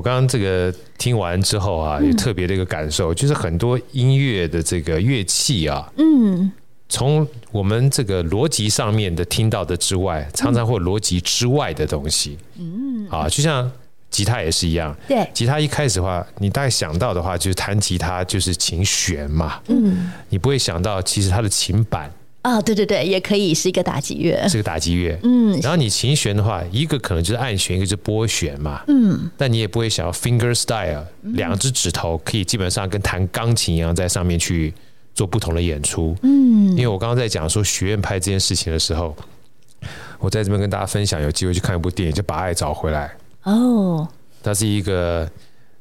剛剛這個聽完之後啊，有特別的一個感受，嗯、就是很多音樂的這個樂器啊，嗯，從我們這個邏輯上面的聽到的之外，常常會邏輯之外的東西，嗯，啊，就像吉他也是一樣，對、嗯，吉他一開始的話，你大概想到的話就是彈吉他就是琴弦嘛，嗯，你不會想到其實它的琴板。啊，oh, 對對對，也可以是一個打擊樂，是一個打擊樂，嗯。然後你琴弦的話，一個可能就是按弦，一個是撥弦嘛，嗯。但你也不會想要 finger style，兩隻指頭可以基本上跟彈鋼琴一樣在上面去做不同的演出，嗯。因為我剛剛在講說學院派這件事情的時候，我在這邊跟大家分享，有機會去看一部電影，就把愛找回來。哦，他是一個，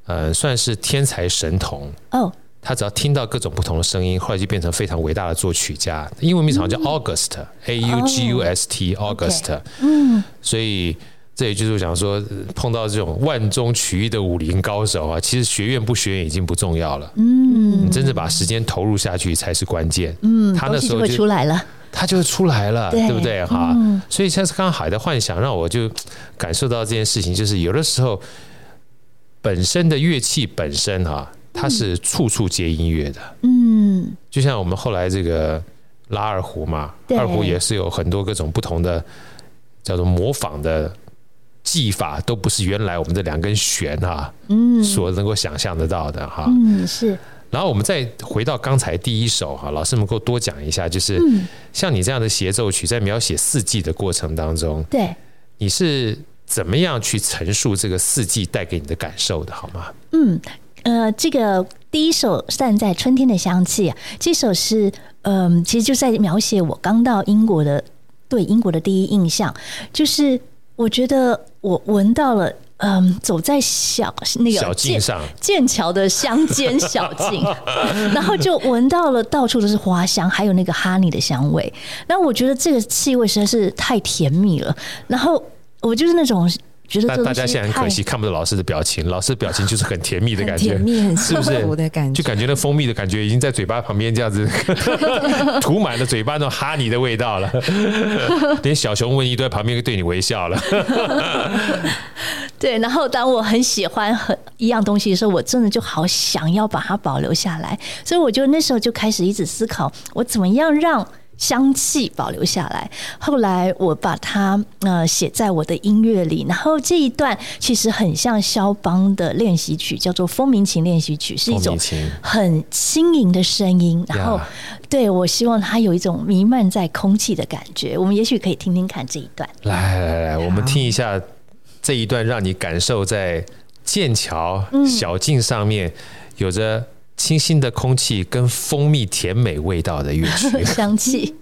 呃，算是天才神童。哦。他只要聽到各種不同的聲音，後來就變成非常偉大的作曲家。英文名好像叫 August，A、嗯、U G U S T 哦、August。Okay, 嗯、所以這也就是講說，碰到這種萬中取一的武林高手啊，其實學院不學院已經不重要了。嗯，你真正把時間投入下去才是關鍵。嗯、他那時候就，就出來了，他就會出來了，對，對不對？哈、嗯，所以像是剛剛海的幻想，讓我就感受到這件事情，就是有的時候本身的樂器本身哈、啊。它是處處皆音樂的，嗯，就像我們後來這個拉二胡嘛，二胡也是有很多各種不同的叫做模仿的技法，都不是原來我們的兩根弦哈，嗯，所能夠想象得到的哈，嗯是。然後我們再回到剛才第一首哈，老師能夠多講一下，就是像你這樣的協奏曲，在描寫四季的過程當中，對，你是怎麼樣去陳述這個四季帶給你的感受的，好嗎？嗯。呃，這個第一首散在春天的香氣、啊、這首是嗯、呃，其實就在描寫我剛到英國的對英國的第一印象，就是我覺得我聞到了嗯、呃，走在小那個小徑上劍，劍橋的鄉間小徑， [laughs] 然後就聞到了到處都是花香，還有那個哈尼的香味，那我覺得這個氣味實在是太甜蜜了，然後我就是那種。大家現在很可惜太看不到老師的表情，老師的表情就是很甜蜜的感覺，甜蜜很的感覺。就感覺那蜂蜜的感覺已經在嘴巴旁邊這樣子， [laughs] 塗滿了嘴巴那種哈尼的味道了。 [laughs] 連小熊維尼都在旁邊對你微笑了。 [laughs] [laughs] 對，然後當我很喜歡很一樣東西的時候，我真的就好想要把它保留下來。所以，我就那時候就開始一直思考，我怎麼樣讓。香氣保留下來，後來我把它呃寫在我的音樂裡，然後這一段其實很像肖邦的練習曲，叫做《風鳴琴練習曲》，是一種很輕盈的聲音。然後，呀對我希望它有一種彌漫在空氣的感覺。我們也許可以聽聽看這一段。來來來，好我們聽一下這一段，讓你感受在劍橋小徑上面，嗯、有着。清新的空氣跟蜂蜜甜美味道的樂曲，香氣。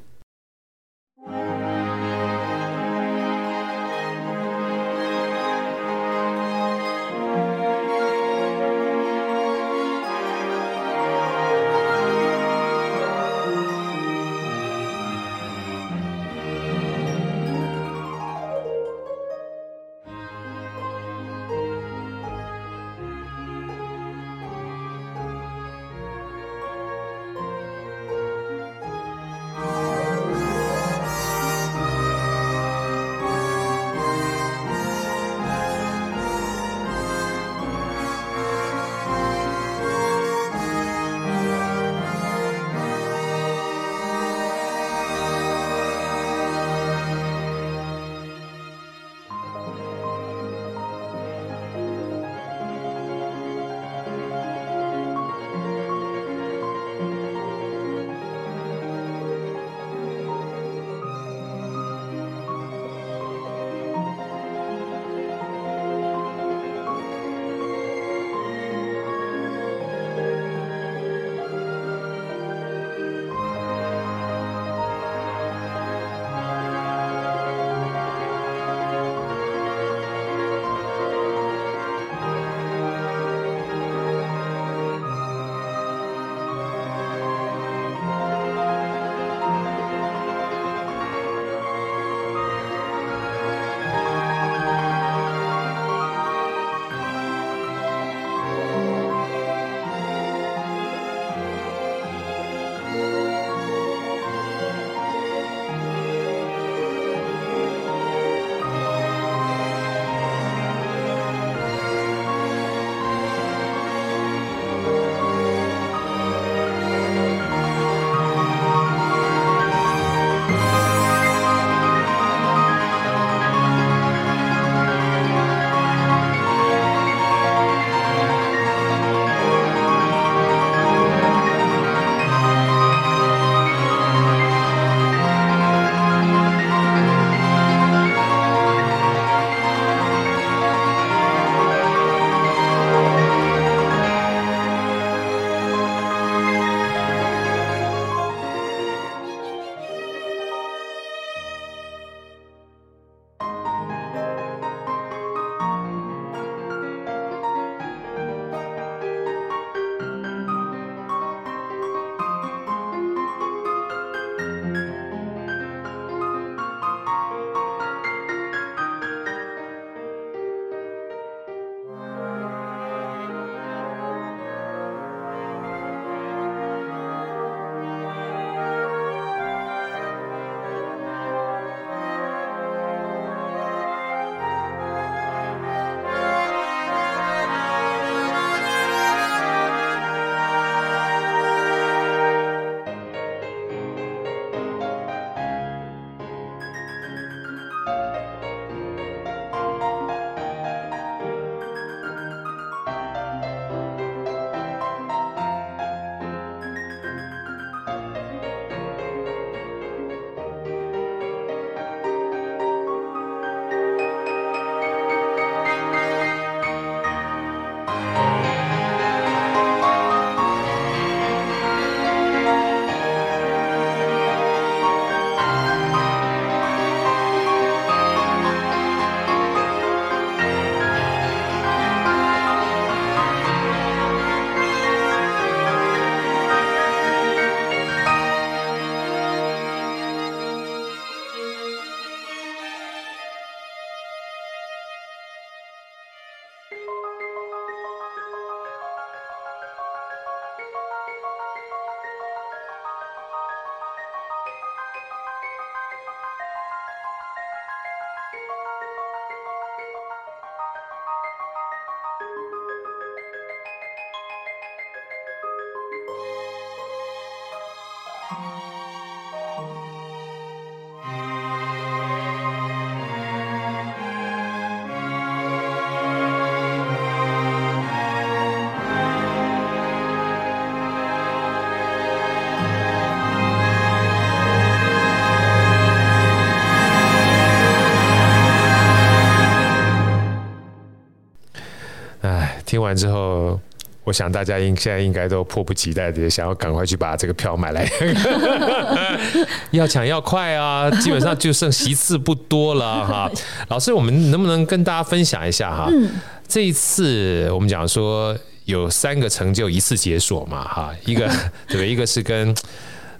之後，我想大家應現在應該都迫不及待的想要趕快去把這個票買來 [laughs] [laughs] [laughs] 要搶要快啊！基本上就剩席次不多了哈。 [laughs] 老師，我們能不能跟大家分享一下哈？嗯、這一次我們講說有三個成就，一次解鎖嘛哈，一個，對，一個是跟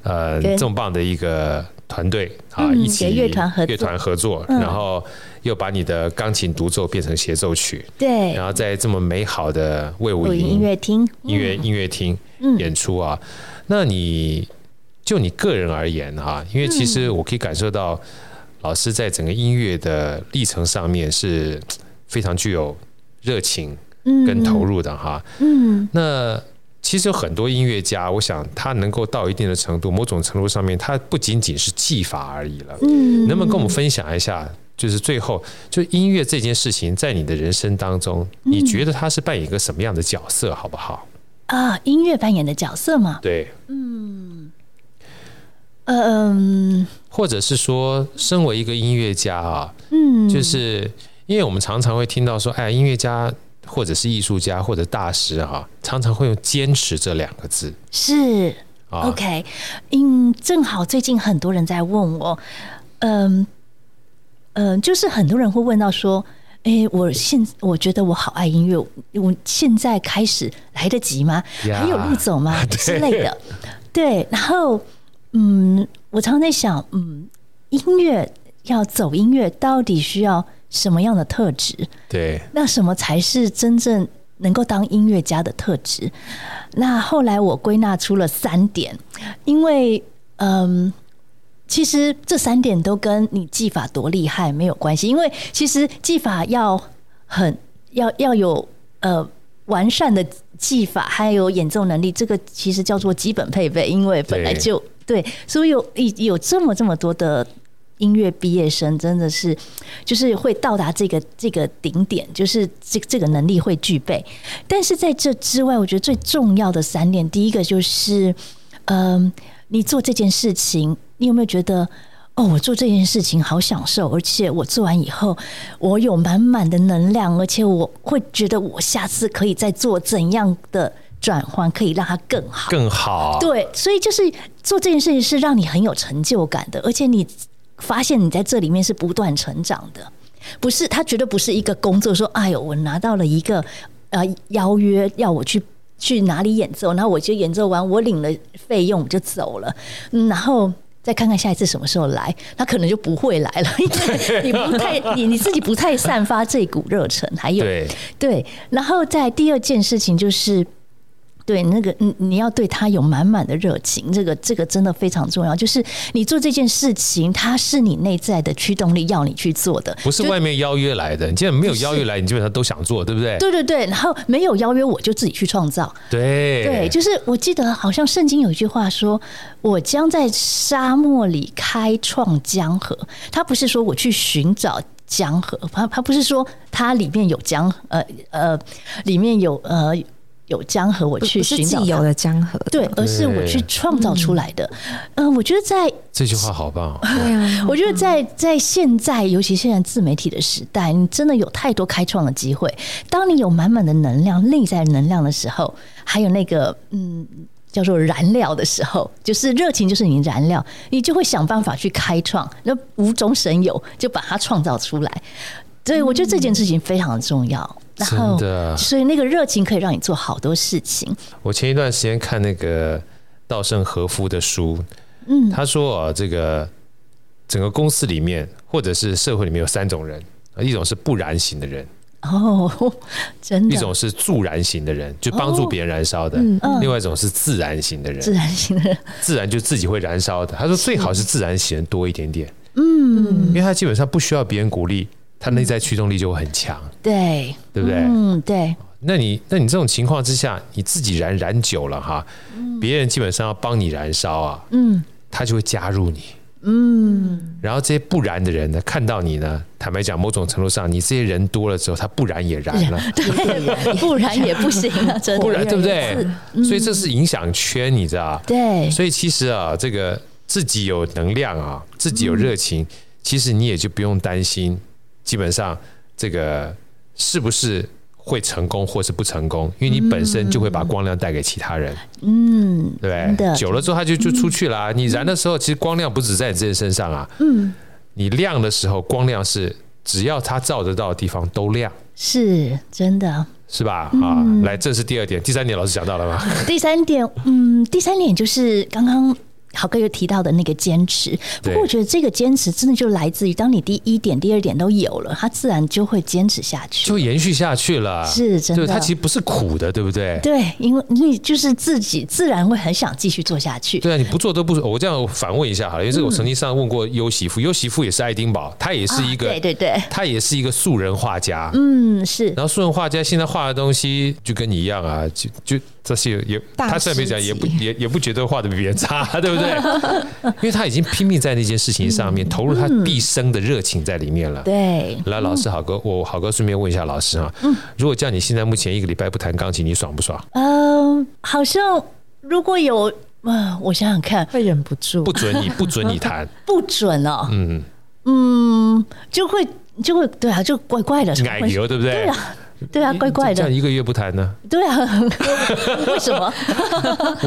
呃重磅 Okay. 的一個。團隊、嗯、啊，一起樂團合合作，然後又把你的鋼琴獨奏變成協奏曲，對、嗯，然後在這麼美好的衛武營音樂廳音樂音樂廳演出啊。嗯嗯、那你就你個人而言啊，因為其實我可以感受到老師在整個音樂的歷程上面是非常具有熱情跟投入的哈、啊、嗯，嗯那。其實有很多音樂家，我想他能夠到一定的程度，某種程度上面，他不僅僅是技法而已了。嗯，能不能跟我們分享一下？就是最後，就音樂這件事情，在你的人生當中，你覺得他是扮演一個什麼樣的角色，好不好？啊，音樂扮演的角色嘛，對，嗯，嗯，或者是說，身為一個音樂家啊，嗯，就是因為我們常常會聽到說，哎，音樂家。或者是藝術家或者大師哈、啊，常常會用“堅持”這兩個字。是、啊，OK，嗯，正好最近很多人在問我，嗯，嗯，就是很多人會問到說：“誒、欸，我現我覺得我好愛音樂，我現在開始來得及嗎？Yeah. 還有路走嗎？之類的。 [laughs] 對”對，然後嗯，我常在想，嗯，音樂要走音樂，到底需要？什麼樣的特質？對，那什麼才是真正能夠當音樂家的特質？那後來我歸納出了三點，因為嗯，其實這三點都跟你技法多厲害沒有關係，因為其實技法要很要要有呃完善的技法，還有演奏能力，這個其實叫做基本配備，因為本來就對，對，所以有有這麼這麼多的。音樂畢業生真的是，就是會到達這個這個頂點，就是這這個能力會具備。但是在這之外，我覺得最重要的三點，第一個就是，嗯、呃，你做這件事情，你有沒有覺得，哦，我做這件事情好享受，而且我做完以後，我有滿滿的能量，而且我會覺得我下次可以再做怎樣的轉換，可以讓它更好，更好、啊。對，所以就是做這件事情是讓你很有成就感的，而且你。發現你在這裡面是不斷成長的。不是他絕對不是一個工作說，哎呦，我拿到了一個呃邀約要我去去哪裡演奏，然後我就演奏完，我領了費用我就走了，然後再看看下一次什麼時候來，他可能就不會來了，因為你不太你 [laughs] 你自己不太散發這股熱忱，還有對，對，然後在第二件事情就是。對，那個你你要對他有滿滿的熱情，這個這個真的非常重要。就是你做這件事情，它是你內在的驅動力，要你去做的，不是外面邀約來的。你就既然沒有邀約來，就是，你基本上都想做，對不對？對對對，然後沒有邀約，我就自己去創造。對對，就是我記得好像聖經有一句話說：“我將在沙漠裡開創江河。”它不是說我去尋找江河，它它，它不是說它裡面有江，呃呃，裡面有呃。有江河，我去尋找不是既有的江河，對，對而是我去創造出來的。嗯、呃，我覺得在這句話好棒。哦，對呀。我覺得在在現在，尤其現在自媒體的時代，你真的有太多開創的機會。當你有滿滿的能量，內在能量的時候，還有那個嗯，叫做燃料的時候，就是熱情，就是你燃料，你就會想辦法去開創，那無中生有，就把它創造出來。對，我覺得這件事情非常重要。嗯真的，所以那個熱情可以讓你做好多事情。我前一段時間看那個稻盛和夫的書，嗯，他說這個整個公司裡面或者是社會裡面有三種人，一種是不燃型的人，哦，真的；一種是助燃型的人，就幫助別人燃燒的；哦，嗯，嗯，另外一種是自燃型的人，自燃型的人自然就自己會燃燒的。他說最好是自燃型是多一點點，嗯，因為他基本上不需要別人鼓勵。他內在驅動力就會很強，對對不對？嗯，對。那你那你這種情況之下，你自己燃燃久了哈，別人基本上要幫你燃燒啊，嗯，他就會加入你，嗯。然後這些不燃的人呢，看到你呢，坦白講，某種程度上，你這些人多了之後，他不燃也燃了，對，不燃也不行，真的不燃對不對？所以這是影響圈，你知道。對。所以其實啊，這個自己有能量啊，自己有熱情，其實你也就不用擔心。基本上，這個是不是會成功或是不成功，因為你本身就會把光亮帶給其他人，嗯，對不對？久了之後他，它就就出去了啊，嗯，你燃的時候，其實光亮不止在你自己身上啊，嗯，你亮的時候，光亮是只要它照得到的地方都亮，是真的，是吧？啊，嗯，來，這是第二點，第三點老師講到了嗎？第三點，嗯，第三點就是剛剛。好哥又提到的那個堅持，不過我覺得這個堅持真的就來自於，當你第一點、第二點都有了，他自然就會堅持下去，就延續下去了。是真的，對，他其實不是苦的，對不對？對，因為你就是自己自然會很想繼續做下去。對啊，你不做都不。我這樣反問一下好了，因為這個我曾經上問過尤媳婦，尤媳婦也是愛丁堡，他也是一個，oh, okay, 對對對，他也是一個素人畫家。嗯，是。然後素人畫家現在畫的東西就跟你一樣啊，就就這些也，大他雖然沒講，也不也也不覺得畫的比別人差，對不對？ [laughs] [laughs] 對，因為他已經拼命在那件事情上面、嗯、投入他畢生的熱情在裡面了。嗯、對，來老師好哥，嗯、我好哥順便問一下老師啊，嗯、如果叫你現在目前一個禮拜不彈鋼琴，你爽不爽？嗯、呃，好像如果有，嗯、呃，我想想看，會忍不住。不准你，不准你彈， [laughs] 不准哦。嗯嗯，就會就會對啊，就怪怪的，奶油，對不對？對、啊對啊，怪怪的。這樣一個月不談呢？對啊，為什麼？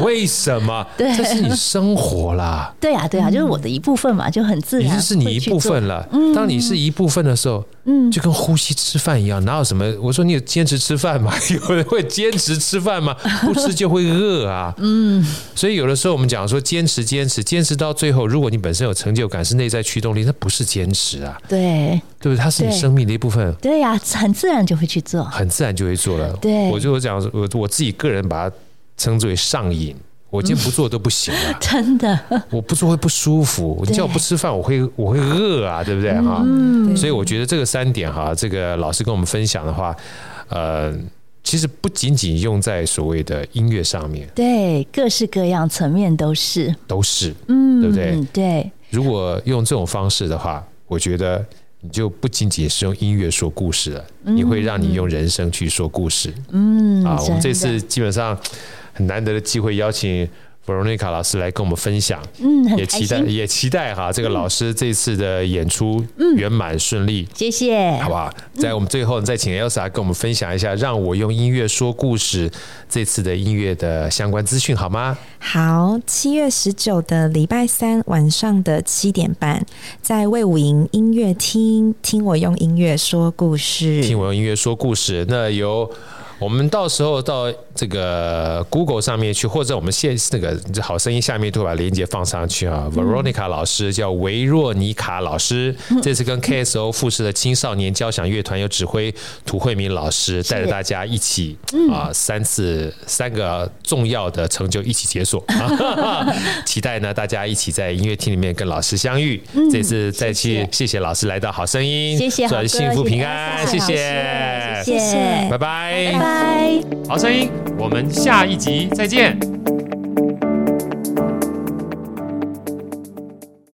[laughs] 為什麼？對，這是你生活啦。對啊對啊，就是我的一部分嘛，嗯、就很自然。你是你一部分了。當你是一部分的時候，嗯，就跟呼吸、吃飯一樣，哪有什麼？我說你有堅持吃飯嗎？有人會堅持吃飯嗎？不吃就會餓啊。嗯。所以有的時候我們講說堅持、堅持、堅持到最後，如果你本身有成就感、是內在驅動力，那不是堅持啊。對。對不對？它是你生命的一部分。對呀、啊，很自然就會去做。很自然就會做了，對我就會講我我自己個人把它稱之為上癮，我今天不做都不行了，嗯、真的，我不做會不舒服，你叫對我不吃飯我會我會餓啊，對不對哈？嗯、對，所以我覺得這個三點哈，這個老師跟我們分享的話，呃，其實不僅僅用在所謂的音樂上面，對，各式各樣層面都是都是，嗯，對不對？對，如果用這種方式的話，我覺得。你就不僅僅是用音樂說故事了，你會讓你用人生去說故事。嗯，嗯，啊好，是我們這次基本上很難得的機會邀請。維若妮卡老師來跟我們分享，嗯也，也期待也期待哈，這個老師這次的演出圓滿順利，嗯嗯，謝謝，好不好？在我們最後再請 Elsa 跟我們分享一下，讓我用音樂說故事這次的音樂的相關資訊好嗎？好，七月十九的禮拜三晚上的七點半，在衛武營音樂廳聽我用音樂說故事，聽我用音樂說說故事。那由我們到時候到。這個 Google 上面去，或者我們現這個《好聲音》下面都把鏈接放上去啊。Veronica 老師叫維若妮卡老師，這次跟 KSO 附設的青少年交響樂團有指揮塗惠民老師帶着大家一起啊，三次三個重要的成就一起解鎖。 [laughs] 期待呢，大家一起在音樂廳裡面跟老師相遇。這次再去，謝謝老師來到好謝謝《好聲音》，祝你幸福謝謝平安，謝謝,謝謝，謝謝，拜拜，拜拜，好聲音。我們下一集再見。